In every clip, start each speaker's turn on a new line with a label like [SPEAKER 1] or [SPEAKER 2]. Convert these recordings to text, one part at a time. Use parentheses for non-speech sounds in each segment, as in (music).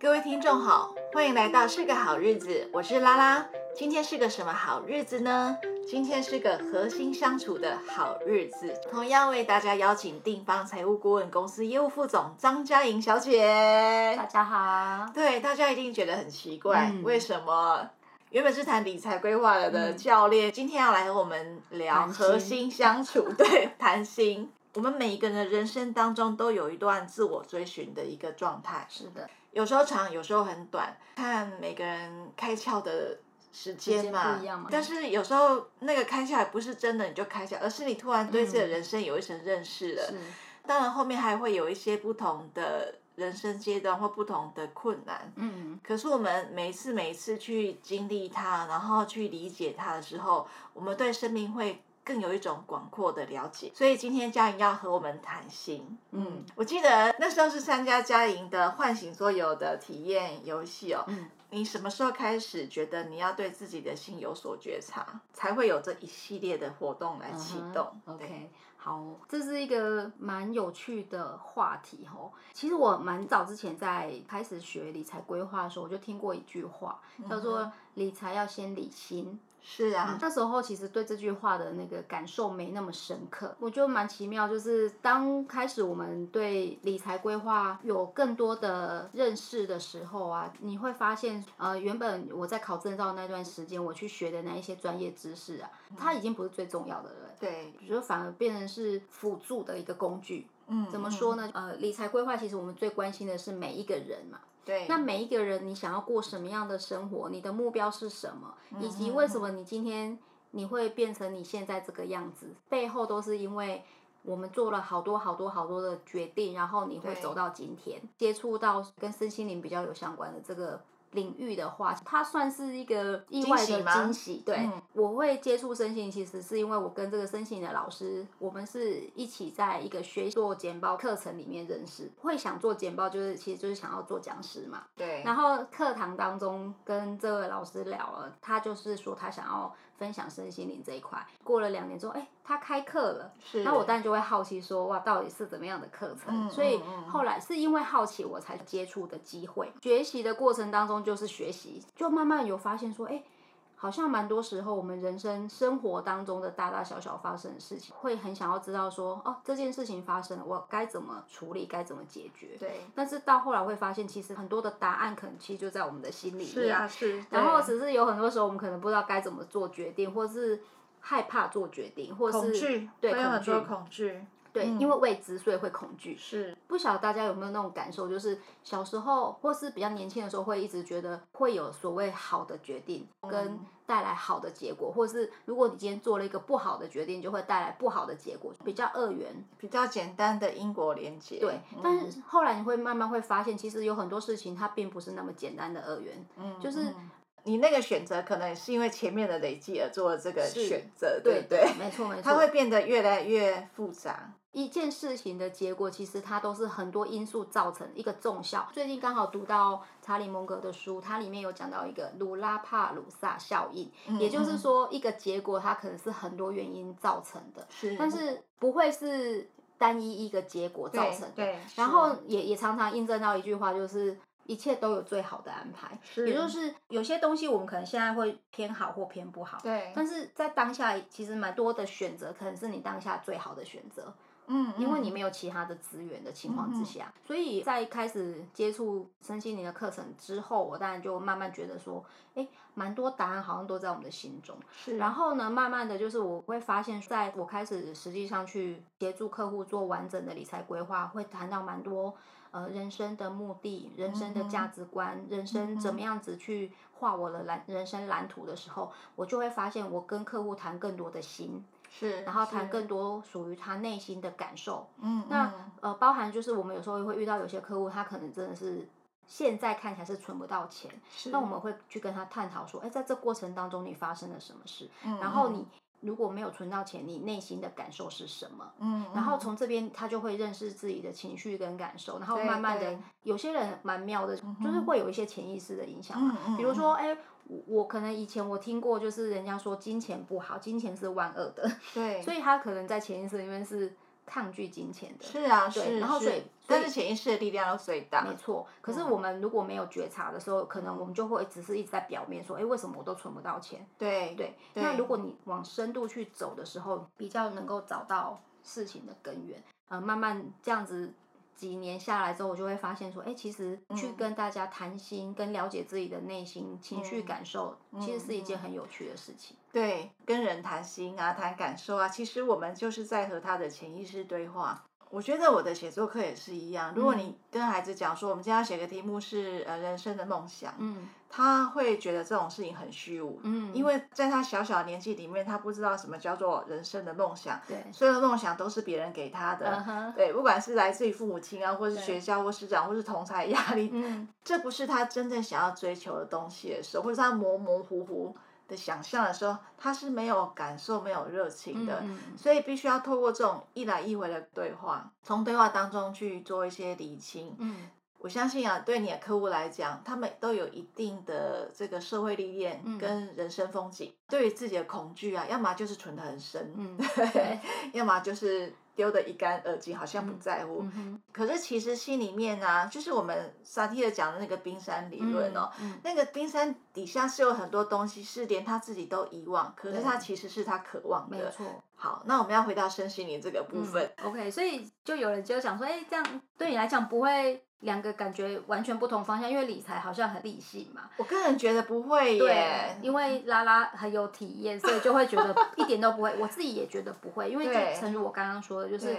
[SPEAKER 1] 各位聽眾好，歡迎來到是個好日子，我是拉拉。今天是個什麼好日子呢？今天是個核心相處的好日子。同樣為大家邀請定方財務顧問公司業務副總張佳瑩小姐。大家好。對，大家一定覺得很奇怪，為什麼原本是談理財規劃的的教練，嗯、今天要來和我們聊核心相處？心對，談心。 (laughs) 我們每一個人的人生當中，都有一段自我追尋的一個狀態。是的。有時候長，有時候很短，看每個人開竅的時間嘛。間但是有時候那個開竅還不是真的你就開竅，而是你突然對自己的人生有一層認識了。嗯、是。當然後面還會有一些不同的人生階段或不同的困難。嗯、嗯。可是我們每一次每一次去經歷它，然後去理解它的時候，我們對生命會。更有一種廣闊的了解，所以今天佳瑩要和我們談心。嗯，嗯，我記得那時候是參加佳瑩的喚醒所有的體驗遊戲哦。嗯、你什麼時候開始覺得你要對自己的心有所覺察，才會有這一系列的活動來啟動、嗯、
[SPEAKER 2] 哼對？OK，好，這是一個蠻有趣的話題哦。其實我蠻早之前在開始學理財規劃的時候，我就聽過一句話，叫做“理財要先理心”嗯。是啊、嗯，那時候其實對這句話的那個感受沒那麼深刻，我覺得蠻奇妙。就是當開始我們對理財規劃有更多的認識的時候啊，你會發現，呃，原本我在考證照那段時間我去學的那一些專業知識啊，它已經不是最重要的了，對，我覺得反而變成是輔助的一個工具。嗯，嗯，
[SPEAKER 1] 怎麼說呢？
[SPEAKER 2] 呃，理財規劃其實我們最關心的是每一個人嘛。對那每一個人，你想要過什麼樣的生活？你的目標是什麼？以及為什麼你今天你會變成你現在這個樣子？背後都是因為我們做了好多好多好多的決定，然後你會走到今天，對接觸到跟身心靈比較有相關的這個領域的話，它算是一個意外的驚喜。驚喜，對，嗯，我會接觸身形，其實是因為我跟這個身形的老師，我們是一起在一個學做簡報課程裡面認識。會想做簡報，就是其實就是想要做講師嘛。對。然後課堂當中跟這位老師聊了，他就是說他想要。分享身心靈這一塊，過了兩年之後，哎，他開課了，是，那我當然就會好奇說，哇，到底是怎麼樣的課程？嗯嗯嗯，所以後來是因為好奇我才接觸的機會。學習的過程當中就是學習，就慢慢有發現說，哎。好像蠻多時候，我們人生生活當中的大大小小發生的事情，會很想要知道說，哦、啊，這件事情發生了，我該怎麼處理，該怎麼解決？對。但是到後來會發現，其實很多的答案可能其實就在我們的心裡面。是啊，是。對啊。然後只是有很多時候，我們可能不知道該怎麼做決定，或是害怕做決定，或是恐懼。對有很多恐懼。恐懼對，因為未知，嗯、所以會恐懼。是不曉得大家有沒有那種感受？就是小時候或是比較年輕的時候，會一直覺得會有所謂好的決定跟帶來好的結果，嗯、或是如果你今天做了一個不好的決定，就會帶來不好的結果，比較二元，比較簡單的因果連接。對，嗯、但是後來你會慢慢會
[SPEAKER 1] 發現，其實有很多事情它並不是那麼簡單的二元，嗯，就是。嗯你那個選擇可能是因為前面的累積而做了這個選擇，對對,對沒，沒錯沒錯，它會變得越來越複雜。一件事情的結果，其實它都是很多因素造成一個
[SPEAKER 2] 綜效。最近剛好讀到查理蒙格的書，它裡面有講到一個魯拉帕魯薩效應，嗯、哼也就是說一個結果它可能是很多原因造成的，是但是不會是單一一個結果造成的。對對然後也也常常印證到一句話，就是。一切都有最好的安排，是也就是有些東西我們可能現在會偏好或偏不好，對。但是在當下，其實蠻多的選擇可能是你當下最好的選擇。嗯，因為你沒有其他的資源的情況之下，嗯嗯。所以在開始接觸身心靈的課程之後，我當然就慢慢覺得說，哎，蠻多答案好像都在我們的心中。是。然後呢，慢慢的就是我會發現，在我開始實際上去協助客戶做完整的理財規劃，會談到蠻多，呃，人生的目的、人生的價值觀、人生怎麼樣子去畫我的藍人生藍圖的時候，我就會發現我跟客戶談更多的心。是，然後談更多屬於他內心的感受。是那嗯，那、嗯、呃，包含就是我們有時候會遇到有些客戶，他可能真的是現在看起來是存不到錢，是。那我們會去跟他探討說，哎，在這過程當中你發生了什麼事？嗯嗯、然後你如果沒有存到錢，你內心的感受是什麼？嗯。嗯然後從這邊他就會認識自己的情緒跟感受，然後慢慢的，的有些人蠻妙的，嗯、就是會有一些潛意識的影響嘛。嗯，嗯，嗯，比如說，誒。我可能以前我聽過，就是人家說金錢不好，金錢是萬惡的，對，所以他可能在潛意識裡面是抗拒金錢的，是啊，對，是是，然後所以，但是潛意識的力量最大，沒錯。嗯，可是我們如果沒有覺察的時候，可能我們就會只是一直在表面說，哎、嗯，為什麼我都存不到錢？對，對。對，那如果你往深度去走的時候，比較能夠找到事情的根源，嗯，慢慢這樣子。幾年下來之後，我就會發現說，哎、欸，其實去跟大家談心、嗯、跟了解自己的內心情緒感受，嗯、其實是
[SPEAKER 1] 一件很有趣的事情。嗯、對，跟人談心啊，談感受啊，其實我們就是在和他的潛意識對話。我覺得我的寫作課也是一樣。如果你跟孩子講說，我們今天要寫個題目是呃人生的夢想，嗯、他會覺得這種事情很虛無，嗯、因為在他小小的年紀裡面，他不知道什麼叫做人生的夢想，對，所有的夢想都是別人給他的，uh huh. 對，不管是來自於父母親啊，或者是學校，對或是師長，或是同儕壓力，嗯、這不是他真正想要追求的東西的時候，或者是他模模糊糊的想象的時候，他是沒有感受、沒有熱情的，嗯嗯、所以必須要透過這種一來一回的對話，從對話當中去做一些理清。嗯、我相信啊，對你的客戶來講，他們都有一定的這個社會歷練跟人生風景，嗯、對於自己的恐懼啊，要麼就是存得很深，嗯、 (laughs) 要麼就是。丟的一乾二淨，好像不在乎。嗯嗯、可是其實心裡面呢、啊，就是我們薩提爾講的那個冰山理論哦，嗯嗯、那個冰山底下是有很多東西是連他自己都遺忘，可是他其實是他渴望的。好，那我們要回到身心靈這個部分、嗯。OK，所以就有人就想說，哎、欸，這樣
[SPEAKER 2] 對你來講不會兩個感覺完全不同方向，因為理財好像很理性嘛。
[SPEAKER 1] 我個人覺得不會耶。對，因
[SPEAKER 2] 為拉拉很有體驗，所以就會覺得一點都不會。 (laughs) 我自己也覺得不會，因為就誠如我剛剛說的，就是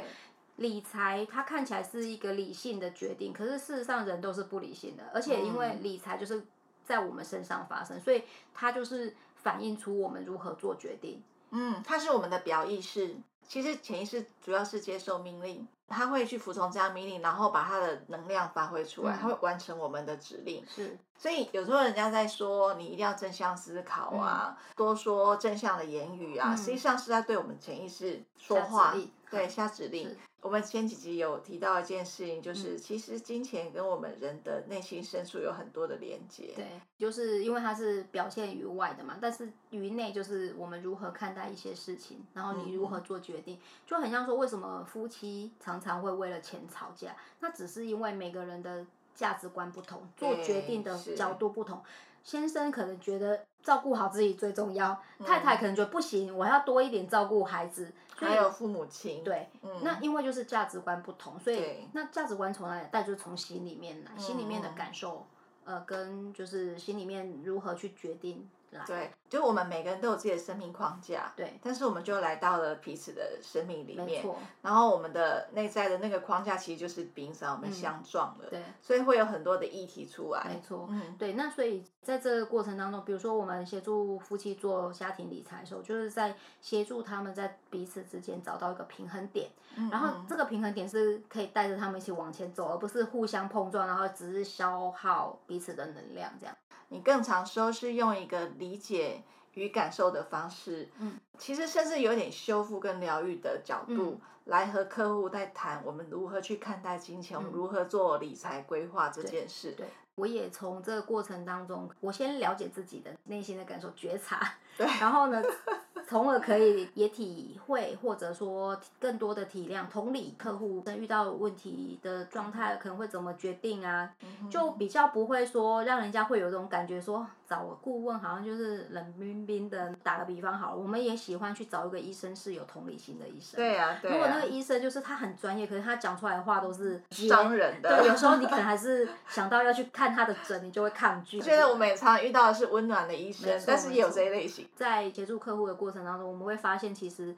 [SPEAKER 2] 理財它看起來是一個理性的決定，對可是事實上人都是不理性的，而且因為理財就是在我們身上發生，嗯、所以它就是
[SPEAKER 1] 反映出我們如何做決定。嗯，它是我們的表意識，其實潛意識主要是接受命令，他會去服從這樣命令，然後把他的能量發揮出來，他、嗯、會完成我們的指令。是，所以有時候人家在說你一定要正向思考啊，嗯、多說正向的言語啊，嗯、實際上是在對我們潛意識說話。對，下指令。我們前幾集有提到一件事情，就是、嗯、其實金錢跟我們人的內心深處有很多的連結。對，就是因為它是表現於外
[SPEAKER 2] 的嘛，但是於內就是我們如何看待一些事情，然後你如何做決定，嗯、就很像說為什麼夫妻常常會為了錢吵架，那只是因為每個人的價值觀不同，做決定的角度不同。先生可能覺得照顧好自己最重要，嗯、太太可能覺得不行，我要多一點照顧孩子。所以還有父母親。對，嗯、那因為就是價值觀不同，所以、嗯、那價值觀從哪裡帶，就是從心裡面
[SPEAKER 1] 來，嗯、心裡面的感受，呃，跟就是心裡面如何去決定來。對。就我們每個人都有自己的生命框架，對，但是我們就來到了彼此的生命裡面，沒錯，然後我們的內在的那個框架其實就是彼此，我們相撞了，嗯，對，所以會有很多的議題出來，沒錯，嗯，對。那所以在這個過程當中，比如說我們協助
[SPEAKER 2] 夫妻做家庭理財的時候，就是在協助他們在彼此之間找到一個平衡點，然後這個平衡點是可以帶着他們一起往前走，而不是互相碰撞，然
[SPEAKER 1] 後只是消耗彼此的能量這樣。你更常說是用一個理解。與感受的方式，嗯，其實甚至有點修復跟療癒的角度，嗯，來和客戶在談，我們如何去看待金錢，嗯，我們如何做理財規劃這件事。對。對，
[SPEAKER 2] 我也從這個過程當中，我先了解自己的內心的感受、覺察，對然後呢。 (laughs) 從而可以也體會或者說更多的體諒，同理客戶在遇到問題的狀態可能會怎麼決定啊，嗯哼。就比較不會說，讓人家會有這種感覺說，找顧問好像就是冷冰冰的。打個比方好了，我們也喜歡去找一個醫生是有同理心的醫生。對啊，對啊。如果那個醫生就是他很專業，可是他講出來的話都是傷人的，對，有時候你可能還是想到要去看他的診，你就會抗拒。覺得我們也常遇到的是溫暖的醫生，沒錯，但是也有這一類型。在協助客戶的過程當中我們會發現，其實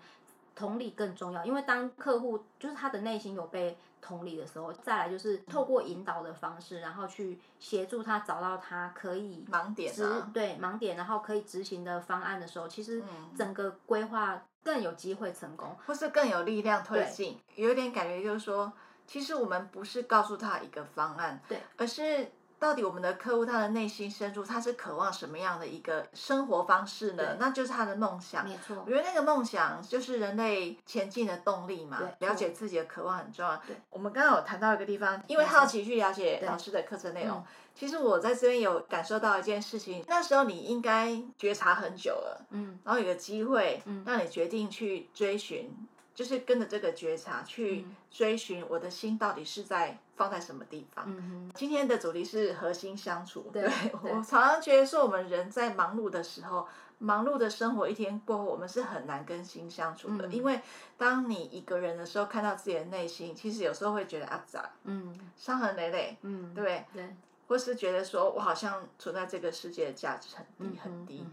[SPEAKER 2] 同理更重要，因為當客戶就是他的內心有被同理的時候，再來就是透過引導的方式，然後去協助他找到他可以盲點、啊，對盲點，然後可以執
[SPEAKER 1] 行的方案的時候，其實整個規劃更有機會成功，或是更有力量推進。嗯、有點感覺就是說，其實我們不是告訴他一個方案，對，而是。到底我們的客戶他的內心深處他是渴望什麼樣的一個生活方式呢？對那就是他的夢想。沒錯，我覺得那個夢想就是人類前進的動力嘛。對了解自己的渴望很重要。對對我們剛剛有談到一個地方，對因為好奇去了解老師的課程內容。對嗯。其實我在這邊有感受到一件事情，那時候你應該覺察很久了。嗯。然後有一個機會，嗯，讓你決定去追尋，就是跟着這個覺察去追尋，我的心到底是在。放在什麼地方？今天的主題是和心相處。對，我常常覺得說我們人在忙碌的時候，忙碌的生活一天過後，我們是很難跟心相處的。因為當你一個人的時候，看到自己的內心，其實有時候會覺得骯髒，嗯，傷痕累累，嗯，對，對。或是覺得說我好像存在這個世界的價值很低很低，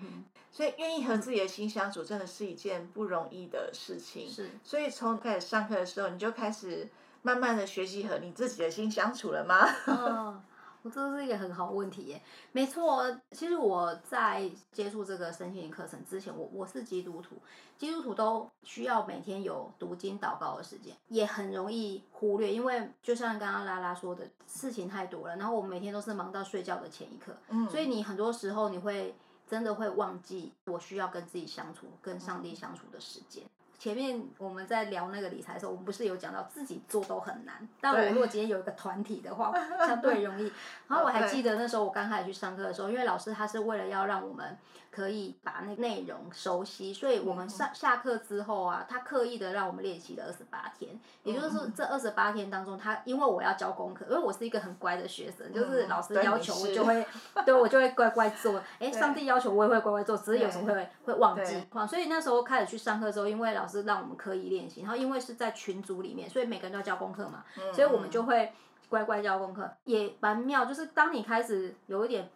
[SPEAKER 1] 所以願意和自己的心相處，真的是一件不容易的事情。是，所以從開始上課的時候，你就開始。慢慢的學習和你自己的心相處了嗎？嗯，
[SPEAKER 2] 我這是一個很好問題耶，沒錯。其實我在接觸這個身心靈課程之前，我我是基督徒，基督徒都需要每天有讀經禱告的時間，也很容易忽略，因為就像剛剛拉拉說的，事情太多了，然後我每天都是忙到睡覺的前一刻，嗯，所以你很多時候你會真的會忘記我需要跟自己相處，跟上帝相處的時間。嗯前面我們在聊那個理財的時候，我們不是有講到自己做都很難，但我如果今天有一個團體的話，對相對容易。 (laughs) 對然後我還記得那時候我剛開始去上課的時候，因為老師他是為了要讓我們可以把那個內容熟悉，所以我們上、嗯、下課之後啊，他刻意的讓我們練習了二十八天。嗯、也就是說，這二十八天當中他，他因為我要交功課，因為我是一個很乖的學生，就是老師要求我就會，嗯、對我就會乖乖做。哎，上帝要求我也會乖乖做，只是有時候會對會忘記。對所以那時候開始去上課的時候，因為老師是讓我們刻意練習，然後因為是在群組裡面，所以每個人都要交功課嘛，嗯、所以我們就會乖乖交功課，也蠻妙。就是當你開始有一點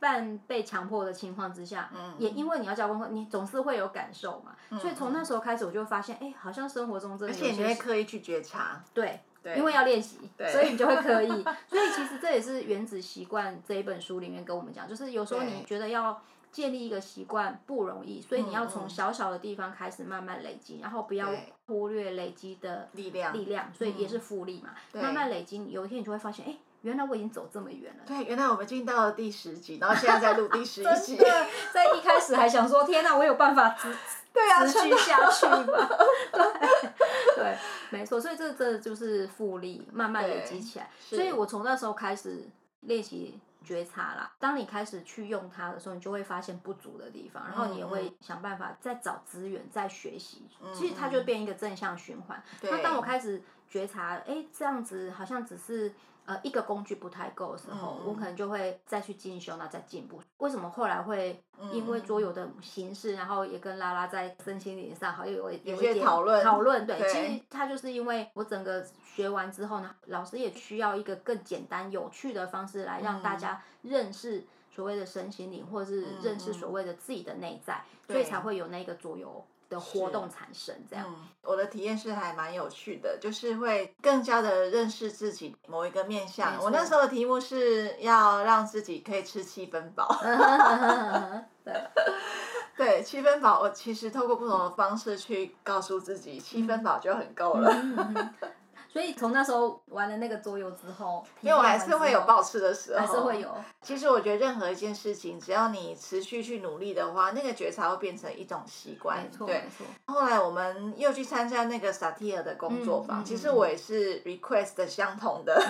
[SPEAKER 2] 半被強迫的情況之下，嗯、也因為你要交功課，你總是會有感受嘛，嗯、所以從那時候開始，我就發現，哎，好像生活中真的有些，而且你會
[SPEAKER 1] 刻意去覺察，對，對，因為要練習，對所以你就會刻意。
[SPEAKER 2] (laughs) 所以其實這也是《原子習慣》這一本書裡面跟我們講，就是有時候你覺得要。建立一個習慣不容易，所以你要從小小的地方開始慢慢累積，嗯、然後不要忽略累積的力量。對力量，所以也是複利嘛。嗯、慢慢累積，有一天你就會發現，哎，原來我已經走
[SPEAKER 1] 這麼遠了。對，原來我們進到了第十集，然後現在在錄第十一集。 (laughs) 的 (laughs) 在一開始還想說，天哪，我有辦法持 (laughs) 對持、啊、續下去嗎？ (laughs) 對對，
[SPEAKER 2] 沒錯，所以這這就是複利，慢慢累積起來。對所以我從那時候開始練習。覺察啦，當你開始去用它的時候，你就會發現不足的地方，然後你也會想辦法再找資源，嗯，再學習，其實它就變一個正向循環。嗯，那當我開始。覺察，哎，這樣子好像只是呃一個工具不太夠的時候，嗯、我可能就會再去進修呢，然後再進步。為什麼後來會因為桌遊的形式，嗯、然後也跟拉拉在身心靈上好像有有一些討論，討論對。其實它就是因為我整個學完之後呢，對老師也需要一個更簡單有趣的方式來讓大家認識所謂的身心靈，或是認識所謂的自己的內
[SPEAKER 1] 在，嗯、所以才會有那個桌遊。的活動產生這樣，嗯，我的體驗是還蠻有趣的，就是會更加的認識自己某一個面向。沒錯。我那時候的題目是要讓自己可以吃七分飽， (laughs) (laughs) 對，對，七分飽。我其實透過不同的方式去告訴自己，七分飽就很夠了。嗯嗯嗯所以從那時候玩了那個桌遊之後，因為我還是會有抱吃的時候，還是會有。其實我覺得任何一件事情，只要你持續去努力的話，那個覺察會變成一種習慣。對。後來我們又去參加那個 i r a 的工作坊，其實我也是 request 的相同的，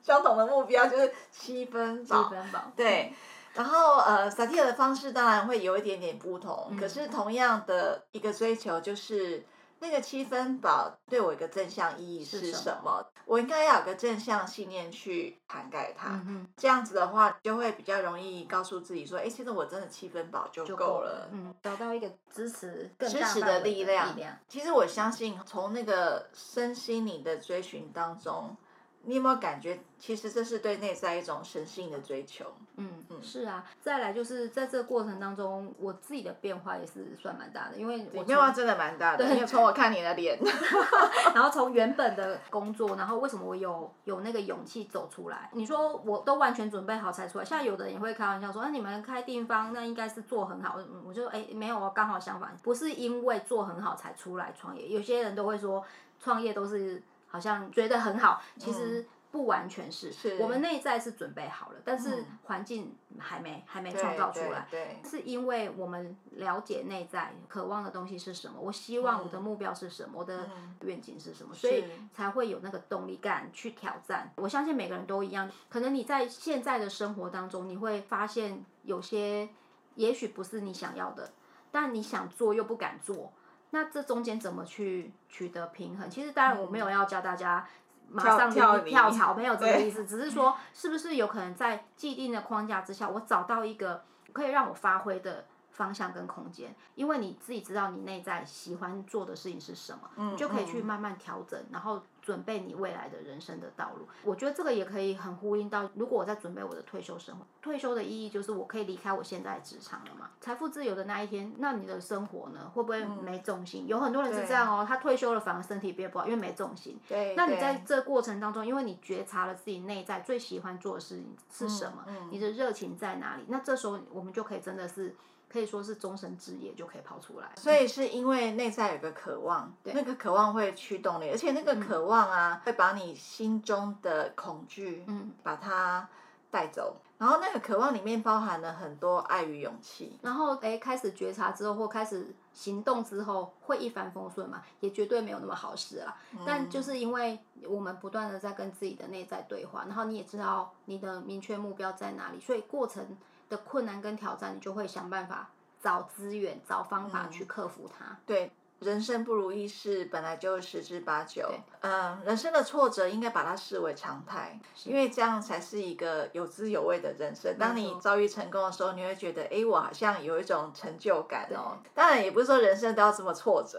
[SPEAKER 1] 相同的目標就是七分飽。分對。然後呃，薩提 a 的方式當然會有一點點不同，可是同樣的一個追求就是。那個七分飽對我一個正向意義是什麼？什麼我應該要有個正向信念去涵蓋它。嗯、哼這樣子的話，就會比較容易告訴自己說，哎，其實我真的七分飽就夠了。嗯，找到一個支持，更大支持的力量。其實我相信，從那個身心靈的追尋當中。你有沒有感覺，其實這是對內在一種神性的追求？嗯嗯，嗯是
[SPEAKER 2] 啊。再來就是在這個過程當中，我自己的變化也是算蠻大的，因為我變化真
[SPEAKER 1] 的蠻大的。對，從我
[SPEAKER 2] 看你的臉， (laughs) 然後從原本的工作，然後為什麼我有有那個勇氣走出來？你說我都完全準備好才出來。現在有的人也會開玩笑說：“那、啊、你們開定方，那應該是做很好。”嗯，我就說：“哎、欸，沒有，剛好相反，不是因為做很好才出來創業。有些人都會說，創業都是。”好像覺得很好，其實不完全是。嗯、是我們內在是準備好了，但是環境還沒還沒創造出來。對對對，是因為我們了解內在渴望的東西是什麼，我希望我的目標是什麼，嗯、我的願景是什麼，嗯、所以才會有那個動力敢去挑戰。是我相信每個人都一樣，可能你在現在的生活當中，你會發現有些也許不是你想要的，但你想做又不敢做。那這中間怎麼去取得平衡？其實當然我沒有要教大家馬上跳、跳、跳、跳槽，沒有這個意思，對只是說是不是有可能在既定的框架之下，我找到一個可以讓我發揮的方向跟空間。因為你自己知道你內在喜歡做的事情是什麼，嗯、你就可以去慢慢調整，嗯、然後準備你未來的人生的道路。我覺得這個也可以很呼應到，如果我在準備我的退休生活。退休的意義就是我可以離開我現在職場了嘛？財富自由的那一天，那你的生活呢？會不會沒重心？有很多人是這樣哦，他退休了反而身體變不好，因為沒重心。對，那你在這過程當中，因為你覺察了自己內在最喜歡做的事情是什麼，你的熱情在哪裡？那這時候我們就可以真的是可以說是終身職業就可以跑出來。所
[SPEAKER 1] 以是因為內在有個渴望，對，那個渴望會驅動你，而且那個渴望啊，會把你心中的恐懼，嗯，把它帶走，然後那個渴望裡面包含了很多愛與勇氣，然後誒，開始
[SPEAKER 2] 覺察之後或開始行動之後會一帆風順嗎？也絕對沒有那麼好事啦。嗯，但就是因為我們不斷地在跟自己的內在對話，然後你也知道你的明確目標在哪裡，所以過程的困難跟挑戰，你就會想辦法找資源、找方法去克服它。嗯，
[SPEAKER 1] 對。人生不如意事本來就十之八九，對嗯，人生的挫折應該把它視為常態。是因為這樣才是一個有滋有味的人生。錯當你遭遇成功的時候，你會覺得，哎，我好像有一種成就感哦。對當然，也不是說人生都要這麼挫折，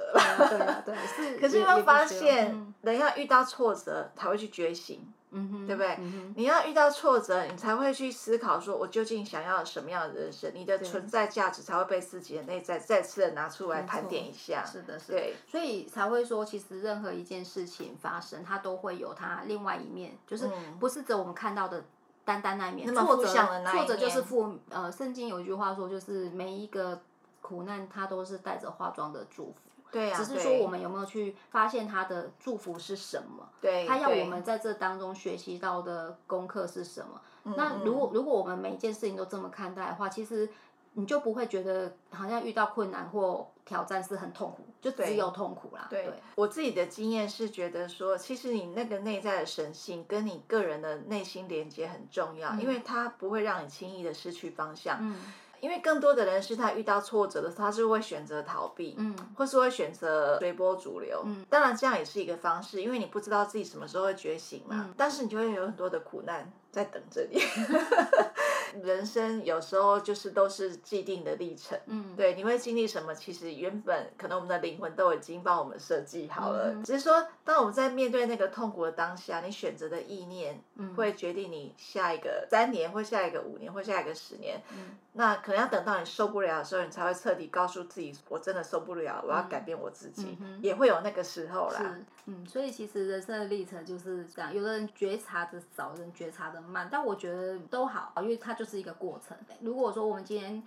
[SPEAKER 1] 可是你會發現，人要遇到挫折才會去覺醒？嗯、哼對不對？嗯、哼你要遇到挫折，你才會去思考說，我究竟想要什麼樣的人生？你的存在價值才會被自己的內在再次的拿出來盤點一下。錯對是的，是的。對，
[SPEAKER 2] 所以才會說，其實任何一件事情發生，它都會有它另外一面，就是不是只我們看到的單單那一面。嗯、挫折，挫折就是福。呃，聖經有一句話說，就是每一個苦難，它都是帶着化妝的祝福。對啊，只是說我們有沒有去發現他的祝福是什麼？
[SPEAKER 1] 對，他要我們
[SPEAKER 2] 在這當中學習到的功課是什麼？
[SPEAKER 1] 對，那如果，嗯，
[SPEAKER 2] 如果我們每一件事情都這麼看待的話，其實你就不會覺得好像
[SPEAKER 1] 遇到困難或挑戰是很痛苦，就只有痛苦啦。對，對，對，我自己的經驗是覺得說，其實你那個內在的神性跟你個人的內心連接很重要，嗯，因為它不會讓你輕易的失去方向。嗯。因為更多的人是他遇到挫折的時候，他是會選擇逃避，嗯，或是會選擇隨波逐流，嗯，當然這樣也是一個方式，因為你不知道自己什麼時候會覺醒嘛，嗯，但是你就會有很多的苦難。在等着你， (laughs) 人生有時候就是都是既定的歷程。嗯，對，你會經歷什麼？其實原本可能我們的靈魂都已經幫我們設計好了。嗯、哼只是說，當我們在面對那個痛苦的當下，你選擇的意念會決定你下一個三年，或下一個五年，或下一個十年。嗯。那可能要等到你受不了的時候，你才會徹底告訴自己：“我真的受不了，我要改變我自己。嗯哼”嗯。也會有那個時候啦。嗯，
[SPEAKER 2] 所以其實人生的歷程就是這樣。有的人覺察的少，有的人覺察的。慢，但我覺得都好，因為它就是一個過程。如果說我們今天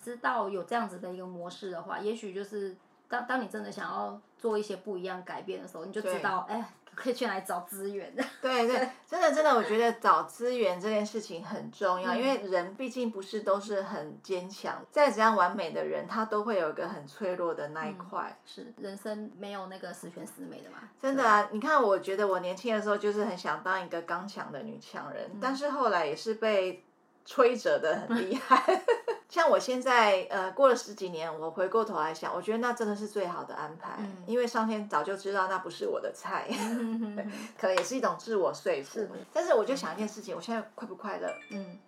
[SPEAKER 2] 誒知道有這樣子的一個模式的話，也許就是當當你真的想要做一些不一樣改變的時候，你就知道哎。對可以去來找資源。
[SPEAKER 1] 對對，對，真的真的。我覺得找資源這件事情很重要， (laughs) 因為人畢竟不是都是很堅強，再怎樣完美的人，他都會有一個很脆弱的那一塊。嗯、是，人生沒有那個十全十美的嘛。真的啊，對你看，我覺得我年輕的時候就是很想當一個剛強的女強人，嗯、但是後來也是被。吹折的很厲害， (laughs) 像我現在，呃，過了十幾年，我回過頭來想，我覺得那真的是最好的安排，嗯、因為上天早就知道那不是我的菜，嗯、哼可能也是一種自我說服。嗯、但是我就想一件事情，我現在快不快樂？嗯。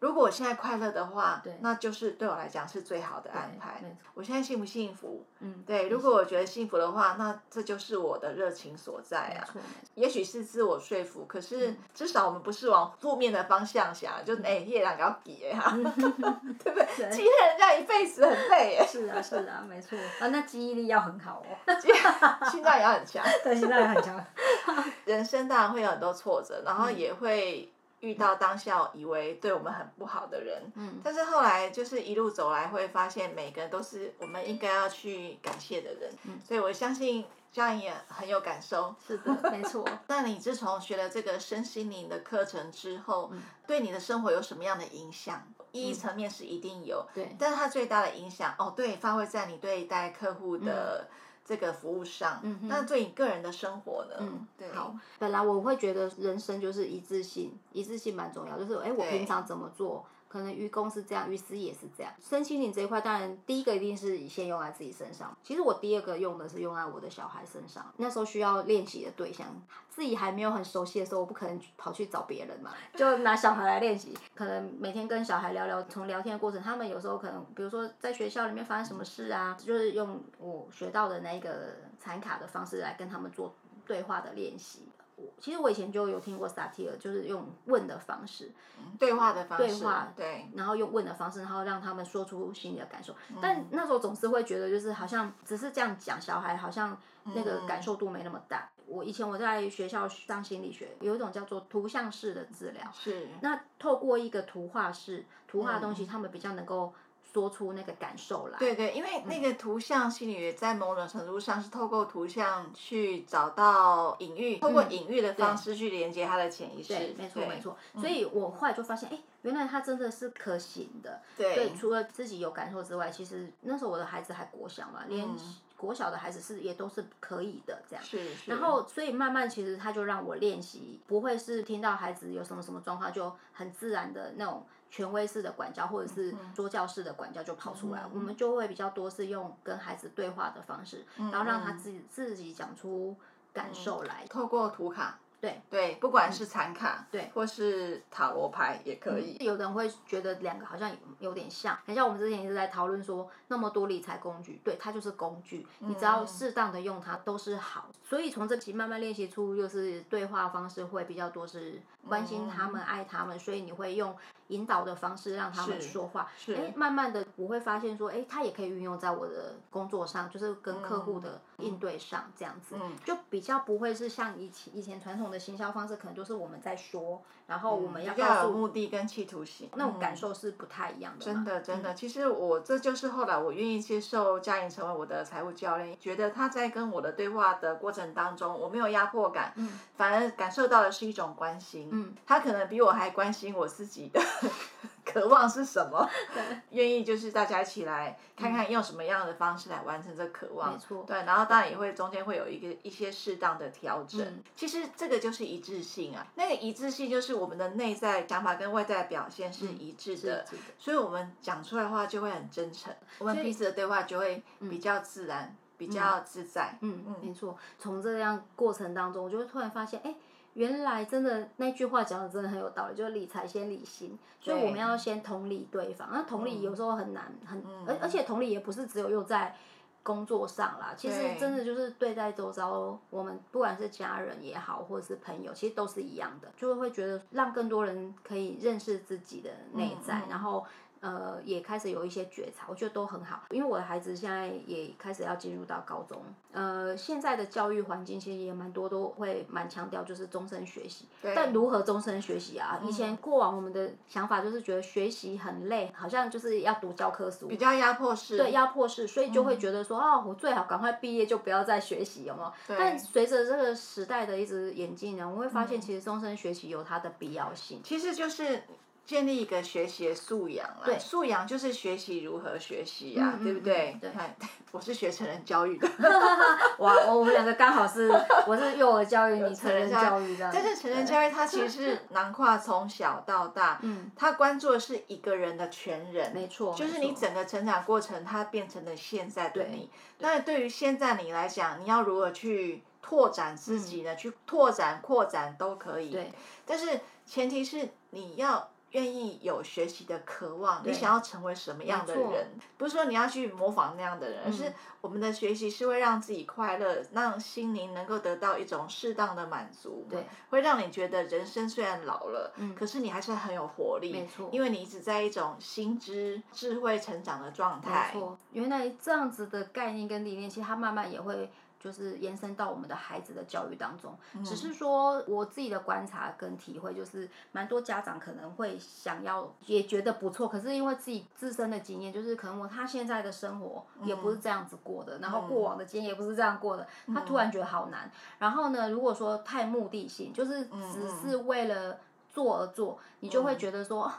[SPEAKER 1] 如果我現在快樂的話，那就是對我來講是最好的安排。我現在幸不幸福？嗯，對。如果我覺得幸福的話，那這就是我的熱情所在啊。也許是自我說服，可是至少我們不是往負面的方向想，就哎，夜郎要給呀，對不對？欺騙人家一輩子很累，是啊是啊，沒錯。啊，那記憶力要很好哦，現在也要很強，對，現在很強。人生當然會有很多挫折，然後也會。遇到當下以為對我們很不好的人，嗯，但是後來就是一路走來會發現每個人都是我們應該要去感謝的人，嗯，所以我相信佳瑩也很有感受。是的， (laughs) 沒錯。那你自從學了這個身心靈的課程之後，嗯、對你的生活有什麼樣的影響？意義、嗯、層面是一定有，對，但是它最大的影響哦，對，發揮在你對待客戶的、嗯。這個服務上，嗯、哼那對你個人的生活呢？嗯、對，好，本來我會覺得人生就是一致性，一致性蠻重要，就是，
[SPEAKER 2] 哎，我平常怎麼做？可能於公是這樣，於私也是這樣。身心靈這一塊，當然第一個一定是先用在自己身上。其實我第二個用的是用在我的小孩身上。那時候需要練習的對象，自己還沒有很熟悉的時候，我不可能跑去找別人嘛， (laughs) 就拿小孩來練習。可能每天跟小孩聊聊，從聊天的過程，他們有時候可能，比如說在學校裡面發生什麼事啊，就是用我學到的那個殘卡的方式來跟他們做對話的練習。其實我以前就有聽過薩提爾就是用問的方式，嗯、對話的方式，對話，對，然後用問的方式，然後讓他們說出心裡的感受。嗯、但那時候總是會覺得，就是好像只是這樣講，小孩好像那個感受度沒那麼大。嗯、我以前我在學校上心理學，有一種叫做圖像式的治療，是那透
[SPEAKER 1] 過一個圖畫式圖畫的東西，他們比較能夠。說出那個感受來。對對，因為那個圖像心理學在某種程度上是透過圖像去找到隱喻，嗯、透過隱喻的方式去連接他的潛意識。對，沒錯對沒錯。所以我後來就
[SPEAKER 2] 發現，哎、嗯欸，原來他真的是可行的。對。除了自己有感受之外，其實那時候我的孩子還國小嘛，連、嗯、國小的孩子是也都是可以的這樣。是、是。然後，所以慢慢其實他就讓我練習，不會是聽到孩子有什麼什麼狀況就很自然的那種，權威式的管教或者是說教式的管教就跑出來、嗯、我們就會比較多是用跟孩子對話的方式，嗯、然後讓他自己、嗯、自己講出感受來、嗯。透過圖卡，對對，不管是殘卡、嗯，對，或是塔羅牌也可以、嗯。有人會覺得兩個好像有，有點像，很像我們之前一直在討論說那麼多理財工具，對，它就是工具，嗯、你只要適當的用它都是好。所以從這期慢慢練習出就是對話方式會比較多，是關心他們、嗯、愛他們，所以你會用。引導的方式讓他們說話，是、哎、欸，慢慢的我會發現說，哎、欸，他也可以運用在我的工作上，就是跟客戶的應對上這樣子，嗯嗯、就比較不會是像以前以前傳統的行銷方式，可能就是我們在說，然後我們要要有目
[SPEAKER 1] 的跟企圖性。那種感受是不太一樣的、嗯。真的真的，其實我這就是後來我願意接受佳瑩成為我的財務教練，覺得他在跟我的對話的過程當中，我沒有壓迫感，嗯，反而感受到的是一種關心，嗯，他可能比我還關心我自己的。 (laughs) 渴望是什麼？願對意就是大家一起來看看，用什麼樣的方式來完成這渴望。沒錯錯，對，然後當然也會對中間會有一個一些適當的調整。嗯、其實這個就是一致性啊，那個一致性就是我們的內在想法跟外在的表現是一致的，嗯、的所以我們講出來的話就會很真誠，以我們彼此的對話就會比較自然、嗯、比較自在。嗯嗯，嗯沒錯。從這樣過程
[SPEAKER 2] 當中，我就突然發現，哎、欸。原來真的那句話講的真的很有道理，就是理財先理心，所以對我們要先同理對方。那同理有時候很難，嗯、很，而而且同理也不是只有用在工作上啦，嗯、其實真的就是對待周遭我，我們不管是家人也好，或者是朋友，其實都是一樣的，就會覺得讓更多人可以認識自己的內在，嗯、然後。呃，也開始有一些覺察，我覺得都很好。因為我的孩子現在也開始要進入到高中，呃，現在的教育環境其實也蠻多，都會蠻強調就是終身學習。對但如何終身學習啊？嗯、以前過往我們的想法就是覺得學習很累，好像就是要讀教科書，比較壓迫式。對，壓迫式，所以就會覺得說、嗯、哦，我最好趕快畢業就不要再學習，有沒有？對但隨着這個時代的一直演進呢，我會發現其實終身學習有它的必要性。其實就是。
[SPEAKER 1] 建立一個學習的素養啦，素養就是學習如何學習呀，對不對？對，我是學成人教育的，哇，我們兩個剛好是，我是幼
[SPEAKER 2] 兒教育，你成人教育的。但是成人教育它其實
[SPEAKER 1] 囊括從小到大，嗯，他關注的是一個人的全人，沒錯，就是你整個成長過程，他變成了現在的你。那對於現在你來講，你要如何去拓展自己呢？去拓展、擴展都可以，對。但是前提是你要願意有學習的渴望，對你想要成為什麼樣的人？沒錯不是說你要去模仿那樣的人，而是我們的學習是會讓自己快樂，讓心靈能夠得到一種適當的滿足。對，會讓你覺得人生雖然老了，嗯，可是你還是很有活力，沒錯，因為你一直在一種心智智慧成長的狀態。沒錯，原來
[SPEAKER 2] 這樣子的概念跟理念，其實它慢慢也會。就是延伸到我們的孩子的教育當中，只是說我自己的觀察跟體會，就是蠻多家長可能會想要，也覺得不錯，可是因為自己自身的經驗，就是可能他現在的生活也不是這樣子過的，嗯、然後過往的經驗也不是這樣過的，嗯、他突然覺得好難。然後呢，如果說太目的性，就是只是為了做而做，嗯嗯、你就會覺得說，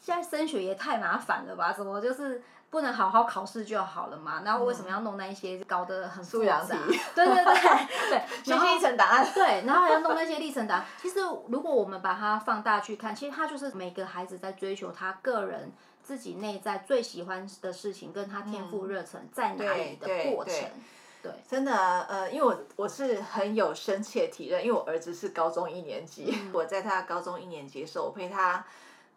[SPEAKER 2] 現在升學也太麻煩了吧？怎麼就是？不能好好考試就好了嘛？然後為什麼要弄那一些搞得很素養的？對、嗯、對對對，
[SPEAKER 1] 學習歷程檔案。對，然後還要弄那些歷
[SPEAKER 2] 程檔案。 (laughs) 其實如果我們把它放大去看，其實它就是每個孩子在追求他個人自己內在最喜歡的事情跟他天賦熱
[SPEAKER 1] 忱在哪裡的過程。嗯、對，對對對真的呃，因為我我是很有深切的體認，因為我兒子是高中一年級，嗯、我在他高中一年級的時候，我陪他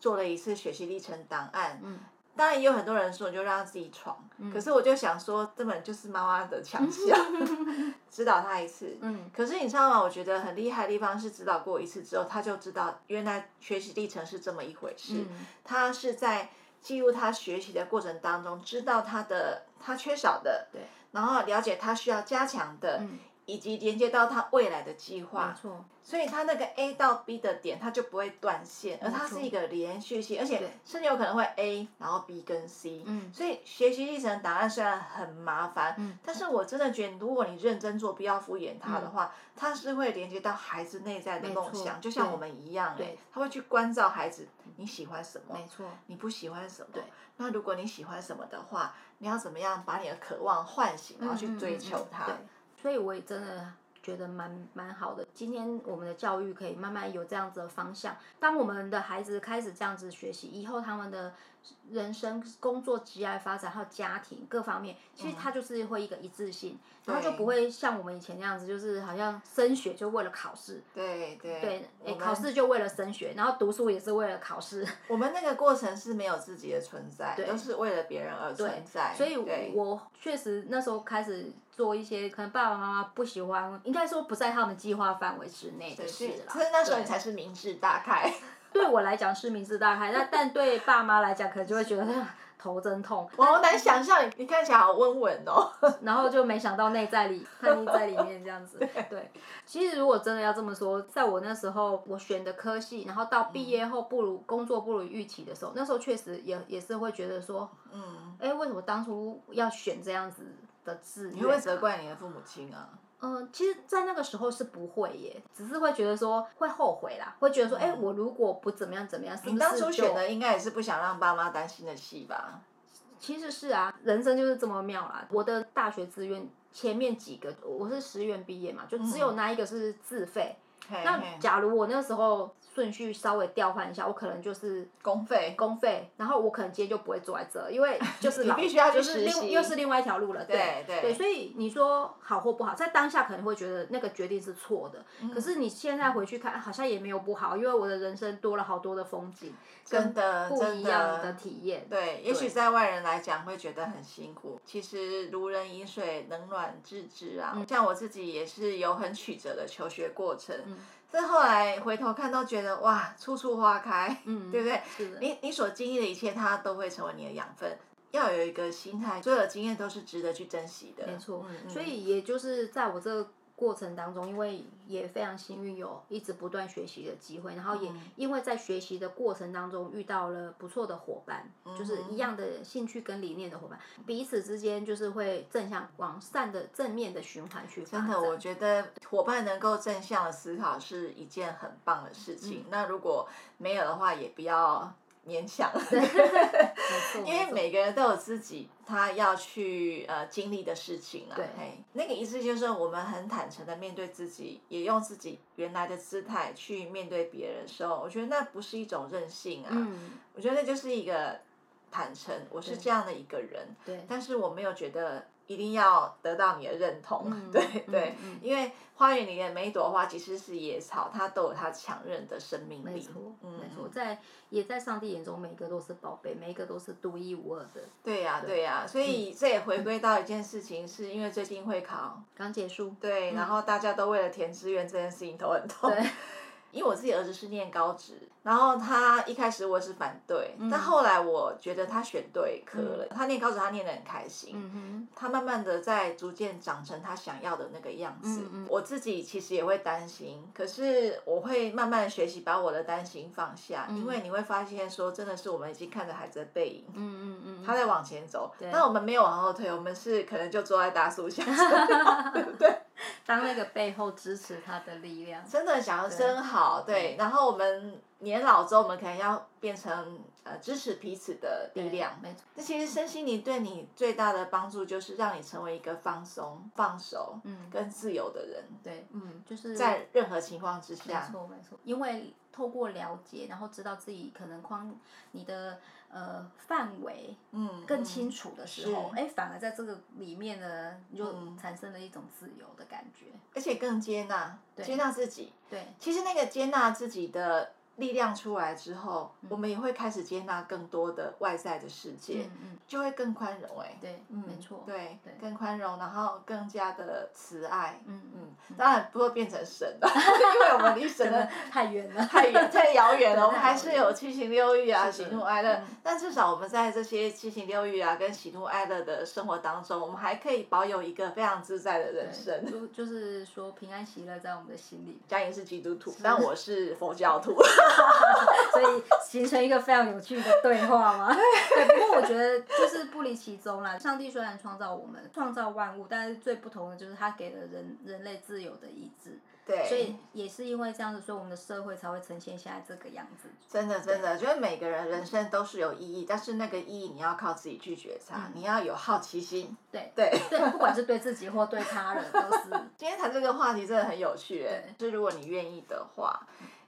[SPEAKER 1] 做了一次學習歷程檔案。嗯。當然也有很多人說，就讓他自己闖。嗯、可是我就想說，這本就是媽媽的強項， (laughs) 指導他一次。嗯。可是你知道嗎？我覺得很厲害的地方是，指導過一次之後，他就知道原來學習歷程是這麼一回事。他、嗯、是在記錄他學習的過程當中，知道他的他缺少的，對，然後了解他需要加強的。嗯以及連接到他未來的計劃，沒錯，所以他那個 A 到 B 的點，他就不會斷線，而它是一個連續性，而且甚至有可能會 A 然後 B 跟 C。所以學習歷程檔案雖然很麻煩，但是我真的覺得，如果你認真做，不要敷衍他的話，他是會連接到孩子內在的夢想，就像我們一樣，哎，他會去關照孩子你喜歡什麼，沒錯，你不喜歡什麼，對，那如果你喜歡什麼的話，你要怎麼樣把你的渴望喚醒，然後去追求它。所以我也真的覺得蠻蠻
[SPEAKER 2] 好的。今天我們的教育可以慢慢有這樣子的方向。當我們的孩子開始這樣子學習以後，他們的人生、工作、職業發展還有家庭各方面，其實他就是會一個一致性，他、嗯、就不會像我們以前那樣子，就是好像升學
[SPEAKER 1] 就為了考試，對對，對，對欸、們考試就為了升學，然後讀書也是為了考試。我們那個過程是沒有自己的存在，對都是為了別人而存在。所以我
[SPEAKER 2] 確實那時候開始。做一些可能爸爸媽媽不喜歡，應該說不在他們計劃範圍之內的事啦。所以，是那時候對你才是明智大開？對我來講是明智大開，那 (laughs) 但，但對爸媽來講，可能就會覺得頭真痛。我好難想象，但你看起來好溫文哦。然後就沒想到內在裡叛逆在裡面這樣子。 (laughs) 對，對，其實如果真的要這麼說，在我那時候我選的科系，然後到畢業後不如、嗯、工作不如預期的時候，那時候確實也也是會覺得說，嗯，哎、欸，為什麼當初要選這樣子？
[SPEAKER 1] 的啊，你會責怪你的父母親啊？
[SPEAKER 2] 嗯，其實，在那個時候是不會耶，只是會覺得說會後悔啦，會覺得說，哎、嗯欸，我如果不怎麼樣怎麼樣，是是你當初選的應該也
[SPEAKER 1] 是不想讓爸媽擔心
[SPEAKER 2] 的戲吧？其實是啊，人生就是這麼妙啦。我的大學志願前面幾個，我是十元畢業嘛，就只有那一個是自費。嗯，那假如我那時候。順序稍微調換一下，我可能就是公費，公費，然後我可能今天就不會坐在這，因為就是你必須要就是另又是另外一條路了。對對對，所以你說好或不好，在當下可能會覺得那個決定是錯的，可是你現在回去看，好像也沒有不好，因為我的人生多了好多的風景，真的不一樣的體
[SPEAKER 1] 驗。對，也許在外人來講會覺得很辛苦，其實如人飲水，冷暖自知啊。像我自己也是有很曲折的求學過程。但是後來回頭看都覺得哇，處處花開，嗯、對不對？是的 你你所經歷的一切，它都會成為你的養分。要有一個心態，所有經驗都是值得去珍惜的。沒錯，嗯嗯，所
[SPEAKER 2] 以也就是在我這個。過程當中，因為也非常幸運有一直不斷學習的機會，然後也因為在學習的過程當中遇到了不錯的夥伴，就是一樣的興趣跟理念的夥伴，彼此之間就
[SPEAKER 1] 是會正向往善的正面的循環去。真的，我覺得夥伴能夠正向的思考是一件很棒的事情。那如果沒有的話，也不要。勉強，因為每個人都有自己他要去呃經歷的事情啊。對。嘿，那個意思就是我們很坦誠的面對自己，也用自己原來的姿態去面對別人的時候，我覺得那不是一種任性啊。嗯。我覺得就是一個坦誠，我是這樣的一個人。對。對，但是我沒有覺得一定要得到你的認同，對對，因為花園裡面每一朵花其實是野草，它都有它強韌的生命力。沒錯，沒錯，在也在上帝眼中，
[SPEAKER 2] 每一個都是寶貝，
[SPEAKER 1] 每一個都是獨一無二的。對呀，對呀，所以這也回歸到一件事情，是因為最近會考剛結束，對，然後大家都為了填志願這件事情頭很痛。對，因為我自己兒子是念高職。然後他一開始我是反對，但後來我覺得他選對科了。他念高職，他念得很開心。嗯哼。他慢慢的在逐漸長成他想要的那個樣子。我自己其實也會擔心，可是我會慢慢學習把我的擔心放下，因為你會發現說，真的是我們已經看着孩子的背影。嗯嗯，他在往前走，但我們沒有往後退，我們是可能就坐在大樹下，對，當那個背後支持他的力量。真的想要真好，對，然後我們。年老之後，我們可能要變成呃支持彼此的力量。沒錯，那其實身心靈對你最大的幫助，就是讓你成為一個放鬆、嗯、放手、嗯，跟自由的人。對，嗯，就是在任何情況之下，
[SPEAKER 2] 沒錯，沒錯，因為透過了解，然後知道自己可能框你的呃範圍，嗯，更清楚的時候、嗯嗯誒，反而在這個裡面呢，就產生了一種自由的感覺，而且更接納，對接
[SPEAKER 1] 納自己。對，其實那個接納自己的。力量出來之後，我們也會開始接納更多的外在的世界，嗯，就會更寬容哎，對，嗯，沒錯，對，更寬容，然後更加的慈愛，嗯嗯，當然不會變成神了，因為我們離神太遠了，太遠，太遙遠了，我們還是有七情六慾啊，喜怒哀樂，但至少我們在這些七情六慾啊跟喜怒哀樂的生活當中，我們還可以保有一個非常自在的人生，就是說平安喜樂在我們的心裡。佳瑩是基督徒，但我是佛教徒。 (laughs) 所以形成一個非常有趣的對話嘛。 (laughs) 對。不過我覺
[SPEAKER 2] 得就是不離其宗啦。上帝雖然創造我們，創造萬物，但是最不同的就是他給了人人類自由的意志。對。所以也是因為這樣子，所以我們的社會才會呈現現在這個樣子。
[SPEAKER 1] 真的，對真的，覺得每個人人生都是有意義，但是那個意義你要靠自己去覺察，嗯、你要有好奇心。對。對。不管是對自己或對他人都是。今天談這個話題真的很有趣，就對如果你願意的話。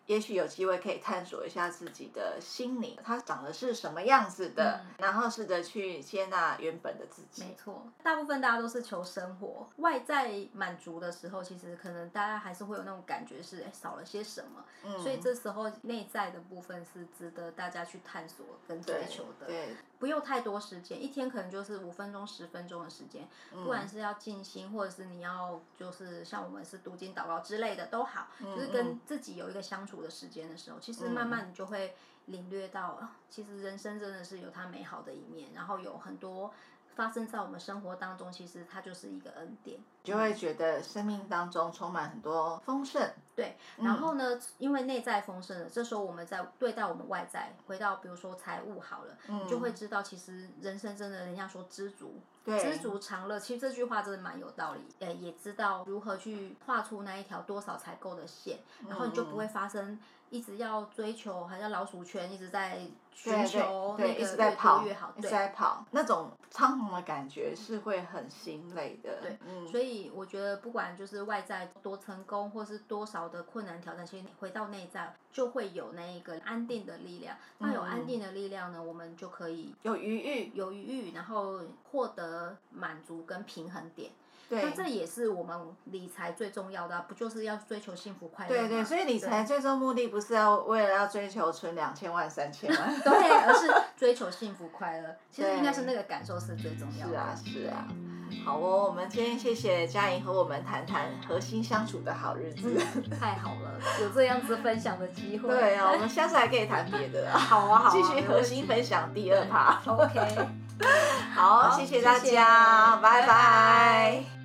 [SPEAKER 1] 也許有機會可以探索一下自己的心靈，它長的是什麼樣子的，嗯、然後試着去接納原本的自己。沒錯，
[SPEAKER 2] 大部分大家都是求生活外在滿足的時候，其實可能大家還是會有那種感覺是誒，少了些什麼。嗯、所以這時候內在的部分是值得大家去探索跟追求的。對，對，不用太多時間，一天可能就是五分鐘、十分鐘的時間，嗯、不管是要靜心，或者是你要就是像我們是讀經、禱告之類的都好，嗯、就是跟自己有一個相處的時間的時候，其實慢慢你就會領略到，嗯。其實人生真的是有它美好的一面，然後有很多發生在我們生活當
[SPEAKER 1] 中，其實它就是一個恩典。就會覺得生命當中充滿很多豐盛，
[SPEAKER 2] 對。然後呢，因為內在豐盛了，這時候我們在對待我們外在，回到比如說財務好了，就會知道其實人生真的人家說知足，對。知足常樂，其實這句話真的蠻有道理。呃，也知道如何去畫出那一條多少才夠的線，然後你就不會發生一直要追求，好像老鼠圈一直在尋求，一直在跑，一直在
[SPEAKER 1] 跑那種倉皇的感覺是會
[SPEAKER 2] 很心累的。對，所以。我覺得不管就是外在多成功，或是多少的困難挑戰，其實你回到內在就會有那一個安定的力量。那、嗯、有安定的力量呢，我們就可以有餘裕，有餘裕，然後獲得滿足跟平衡點。對，那這也是我們理財最重要的，不就是要追求幸
[SPEAKER 1] 福快樂？對對，所以理財最終目的不是要為了要追求存兩千萬三千萬，對，對，而是追求幸福快樂。其實應該是
[SPEAKER 2] 那個感受是最重要的。是啊，是啊。
[SPEAKER 1] 好哦，我們今天謝謝佳瑩和我們談談核心相處的好日子，太好了，有這樣子分享的機會。 (laughs) 對啊、哦，我們下次還可以談別的，好啊， (laughs) 好啊，繼續核心分享第二趴。 (laughs) OK， (laughs) 好，好謝謝大家，謝謝拜拜。 (laughs)